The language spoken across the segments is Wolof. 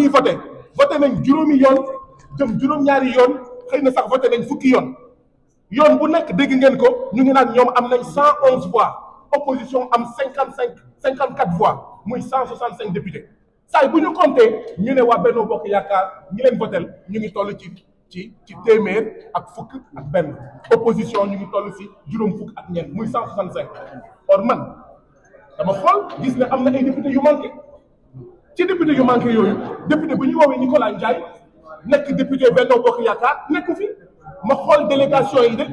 yi voté voté nañ juróomi yoon jëm juróom-ñaari yoon xëy na sax voté nañ fukki yoon yoon bu nekk dégg ngeen ko ñu ngi naan ñoom am nañ cent onze voix opposition am cinquante cinq cinquante quatre voix muy cent soixante cinq députés saay bu ñu compté ñu ne waa Benno Bokk Yaakaar ñi leen votel ñu ngi toll ci ci ci téeméer ak fukk ak benn opposition ñu ngi toll si juróom fukk ak ñeent muy cent soixante cinq or man dama xool gis ne am na ay députés yu manqué ci député yu manqué yooyu député bu ñu woowee Nicolas Ndiaye nekk député Benno Bokk Yaakaar nekku fi ma xool délégation yi de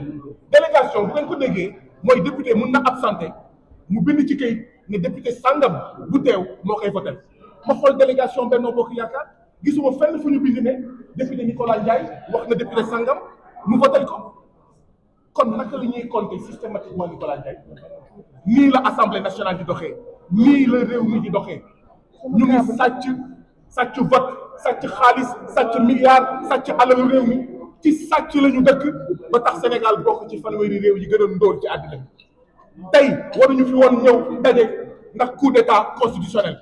délégation bu ngeen ko déggee mooy député mun na absenté mu bind ci kayit ne député sangam bu teew moo koy voté ma xool délégation Benno Bokk Yaakaar gisuma fenn fu ñu bind ne député Nicolas Ndiaye wax na député sangam mu voté ko kon naka la ñuy compter systématiquement Nicolas Ndiaye nii la assemblée nationale di doxee nii la réew mi di doxee. ñu ngi sàcc sàcc vote sàcc xaalis sàcc milliard sàcc alal réew mi ci sàcc la ñu dëkk ba tax Sénégal bokk ci fanweeri réew yi gën a ndóol ci àddina tey waruñu fi woon ñëw daje ndax coup war constitutionnel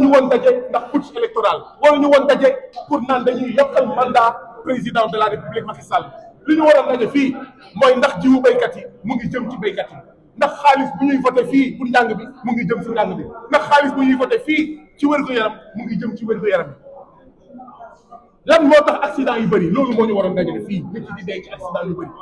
ñu woon daje ndax war électoral ñu woon daje pour naan dañuy yokkal mandat président de la république Macky Sall li ñu waroon daje fii mooy ndax jiwu béykat yi mu ngi jëm ci béykat yi ndax xaalis bu ñuy voté fii pour njàng bi mu ngi jëm si njàng bi ndax xaalis bu ñuy voté fii ci wérgu yaram mu ngi jëm ci wérgu yaram bi lan moo tax accident yu bëri loolu moo ñu waroon dajale fii nit yi di dee ci accident yu bëri